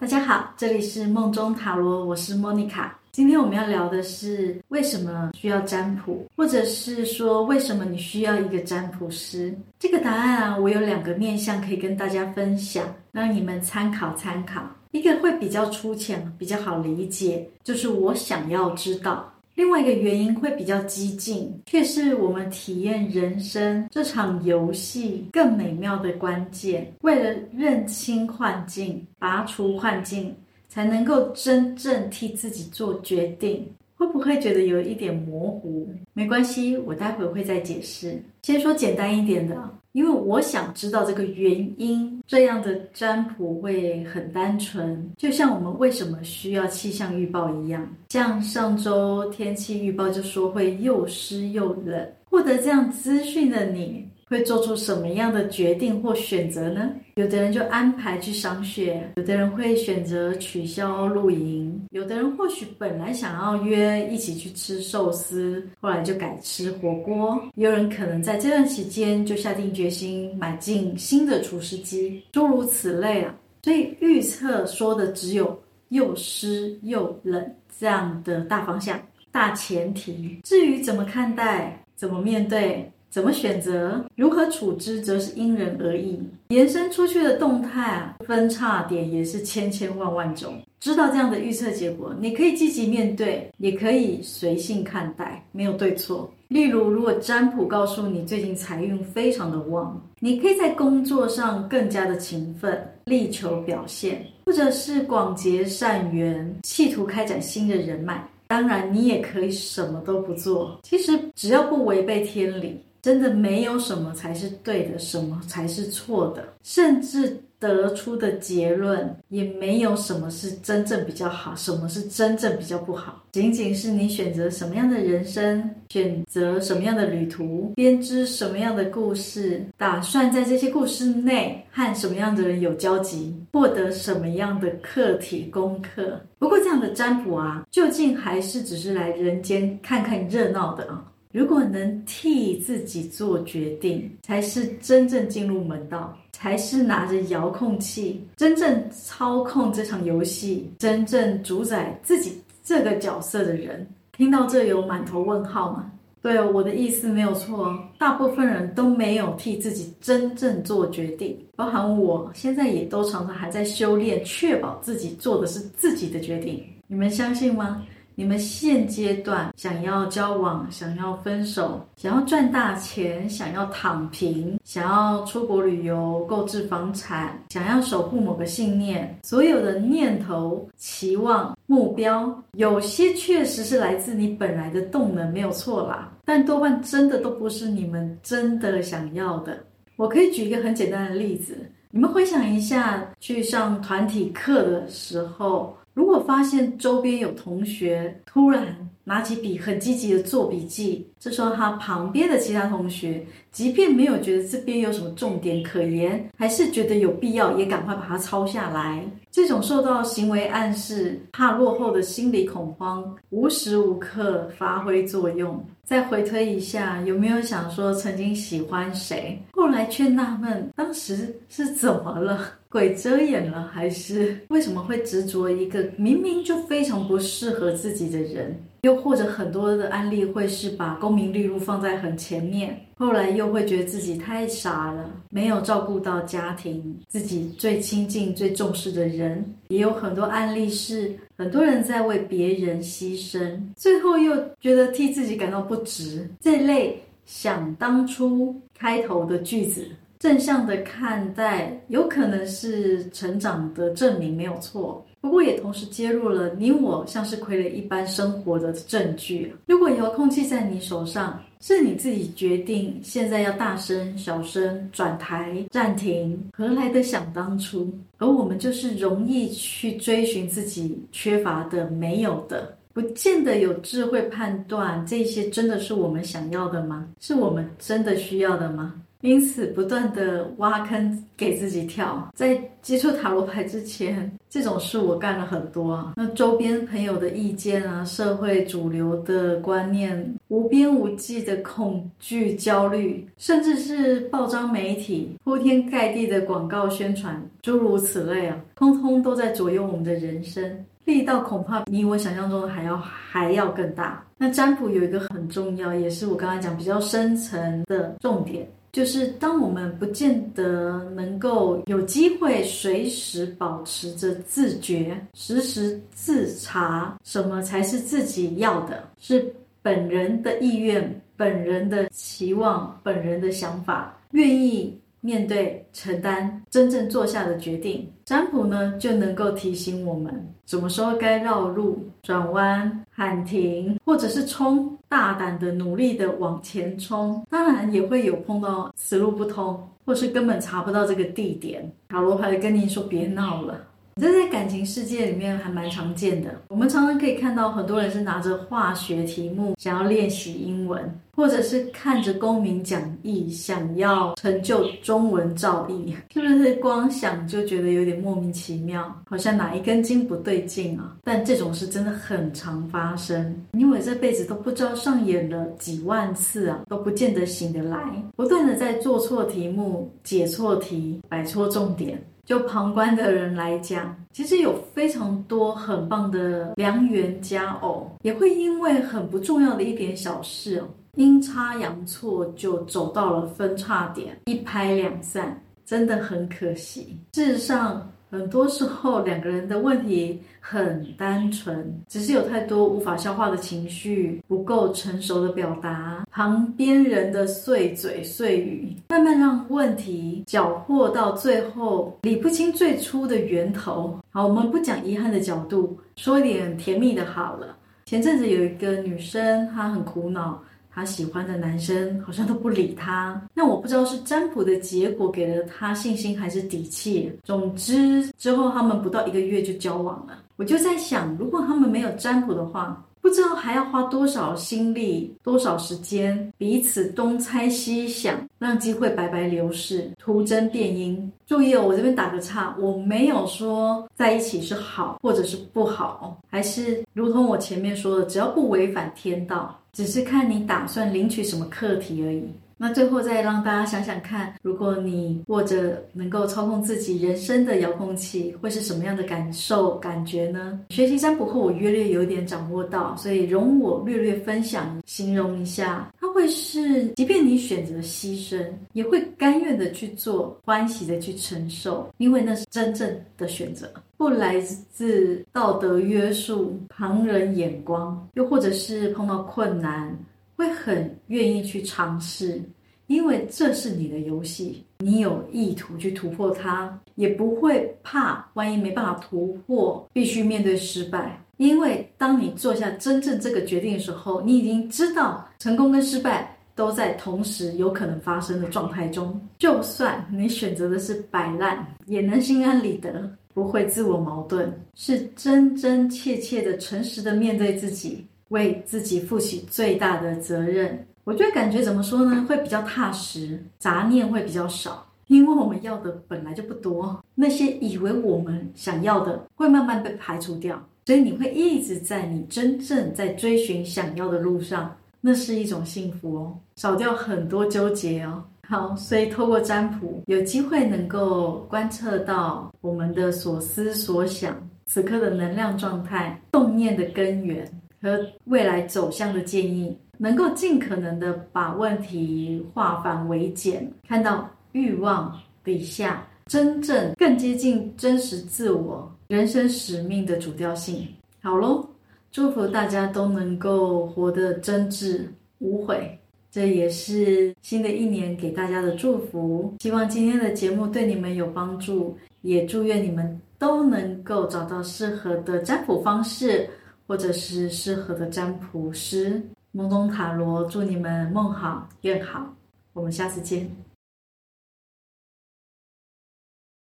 大家好，這裡是夢中塔羅，我是莫妮卡。今天我們要聊的是為什麼需要占卜，或者是說為什麼你需要一個占卜師？這個答案啊，我有兩個面向可以跟大家分享，讓你們參考參考。一個會比較粗淺，比較好理解，就是我想要知道。另外一個原因會比較激進，卻是我們體驗人生這場遊戲更美妙的關鍵。為了認清幻境、拔除幻境，才能夠真正替自己做決定。會不會覺得有一點模糊？沒關係，我待會會再解釋。先說簡單一點的，因為我想知道這個原因，這樣的占卜會很單純，就像我們為什麼需要氣象預報一樣。像上周天氣預報就說會又濕又冷，獲得這樣資訊的你，會做出什麼樣的決定或選擇呢？有的人就安排去賞雪，有的人會選擇取消露營，有的人或許本來想要約一起去吃壽司，後來就改吃火鍋。也有人可能在這段期間就下定決心買進新的廚師機，諸如此類啊。所以預測說的只有又濕又冷這樣的大方向、大前提。至於怎麼看待、怎麼面對，怎麼選擇，如何處置，則是因人而異。延伸出去的動態啊，分叉點也是千千萬萬種。知道這樣的預測結果，你可以積極面對，也可以隨性看待，沒有對錯。例如，如果占卜告訴你最近財運非常的旺，你可以在工作上更加的勤奮，力求表現，或者是廣結善緣，企圖開展新的人脈。當然，你也可以什麼都不做。其實，只要不違背天理。真的沒有什麼才是對的，什麼才是錯的，甚至得出的結論也沒有什麼是真正比較好，什麼是真正比較不好，僅僅是你選擇什麼樣的人生，選擇什麼樣的旅途，編織什麼樣的故事，打算在這些故事內和什麼樣的人有交集，獲得什麼樣的課題功課。不過這樣的占卜啊，究竟還是只是來人間看看熱鬧的啊。如果能替自己做決定，才是真正進入門道，才是拿着遙控器真正操控這場遊戲，真正主宰自己這個角色的人。聽到這有滿頭問號嗎？對哦，我的意思沒有錯哦。大部分人都沒有替自己真正做決定，包含我現在也都常常還在修煉，確保自己做的是自己的決定。你們相信嗎？你們現階段想要交往，想要分手，想要賺大錢，想要躺平，想要出國旅遊、購置房產，想要守護某個信念，所有的念頭、期望、目標，有些確實是來自你本來的動能，沒有錯啦。但多半真的都不是你們真的想要的。我可以舉一個很簡單的例子。你們回想一下，去上團體課的時候，如果發現周邊有同學突然。拿起筆，很積極的做筆記。這時候，他旁邊的其他同學，即便沒有覺得這邊有什麼重點可言，還是覺得有必要，也趕快把它抄下來。這種受到行為暗示、怕落後的心理恐慌，無時無刻發揮作用。再回推一下，有沒有想說曾經喜歡誰，後來卻納悶當時是怎麼了？鬼遮眼了，還是為什麼會執着一個明明就非常不適合自己的人？又或者很多的案例會是把功名利祿放在很前面，後來又會覺得自己太傻了，沒有照顧到家庭，自己最親近、最重視的人。也有很多案例是很多人在為別人犧牲，最後又覺得替自己感到不值。這類想當初開頭的句子，正向的看待，有可能是成長的證明，沒有錯。不過也同時揭露了你我像是傀儡一般生活的證據。如果遙控器在你手上，是你自己決定現在要大聲、小聲、轉台、暫停，何來的想當初？而我們就是容易去追尋自己缺乏的、沒有的，不見得有智慧判斷這些真的是我們想要的嗎？是我們真的需要的嗎？因此，不斷地挖坑給自己跳。在接觸塔羅牌之前，這種事我幹了很多啊。那周邊朋友的意見啊，社會主流的觀念，無邊無際的恐懼、焦慮，甚至是報章媒體鋪天蓋地的廣告宣傳，諸如此類啊，通通都在左右我們的人生，力道恐怕比我想象中還要還要更大。那占卜有一個很重要，也是我剛才講比較深層的重點。就是當我們不見得能夠有機會隨時保持着自覺，時時自查，什麼才是自己要的，是本人的意願、本人的期望、本人的想法，願意。面對承擔真正做下的決定，占卜呢就能夠提醒我們，什麼時候該繞路、轉彎、喊停，或者是衝，大膽的努力的往前衝。當然也會有碰到此路不通，或是根本查不到這個地點，塔羅牌跟您說別鬧了。這在感情世界裡面還蠻常見的。我們常常可以看到很多人是拿着化學題目想要練習英文，或者是看着公民講義想要成就中文造詣，是不是光想就覺得有點莫名其妙，好像哪一根筋不對勁啊？但這種事真的很常發生，因為這輩子都不知道上演了幾萬次啊，都不見得醒得來，不斷的在做錯題目、解錯題、擺錯重點。就旁觀的人來講，其實有非常多很棒的良緣佳偶，也會因為很不重要的一點小事哦，陰差陽錯就走到了分叉點，一拍兩散，真的很可惜。事實上，很多時候，兩個人的問題很單純，只是有太多無法消化的情緒，不夠成熟的表達，旁邊人的碎嘴碎語，慢慢讓問題攪和到最後，理不清最初的源頭。好，我們不講遺憾的角度，說一點甜蜜的好了。前陣子有一個女生，她很苦惱。她喜歡的男生好像都不理她，那我不知道是占卜的結果給了她信心還是底氣。總之之後他們不到一個月就交往了，我就在想，如果他們沒有占卜的話。不知道還要花多少心力，多少時間，彼此東猜西想，讓機會白白流逝，徒增變因。注意哦，我這邊打個岔，我沒有說在一起是好或者是不好，還是如同我前面說的，只要不違反天道，只是看你打算領取什麼課題而已。那最後再讓大家想想看，如果你握着能夠操控自己人生的遙控器，會是什麼樣的感受、感覺呢？學習占卜後，我略略有點掌握到，所以容我略略分享、形容一下，它會是：即便你選擇犧牲，也會甘願地去做，歡喜地去承受，因為那是真正的選擇，不來自道德約束、旁人眼光，又或者是碰到困難。會很願意去嘗試，因為這是你的遊戲，你有意圖去突破它，也不會怕萬一沒辦法突破，必須面對失敗。因為當你做下真正這個決定的時候，你已經知道成功跟失敗都在同時有可能發生的狀態中，就算你選擇的是擺爛，也能心安理得，不會自我矛盾，是真真切切的、誠實的面對自己。為自己負起最大的責任，我覺得感覺怎麼說呢？會比較踏實，雜念會比較少，因為我們要的本來就不多。那些以為我們想要的，會慢慢被排除掉。所以你會一直在你真正在追尋想要的路上，那是一種幸福哦，少掉很多糾結哦。好，所以透過占卜，有機會能夠觀測到我們的所思所想，此刻的能量狀態，動念的根源。和未來走向的建議，能夠盡可能的把問題化繁為簡，看到欲望底下真正更接近真實自我、人生使命的主調性。好嘍，祝福大家都能夠活得真摯無悔，這也是新的一年給大家的祝福。希望今天的節目對你們有幫助，也祝願你們都能夠找到適合的占卜方式。或者是適合的占卜師，夢中塔羅，祝你們夢好願好，我們下次見。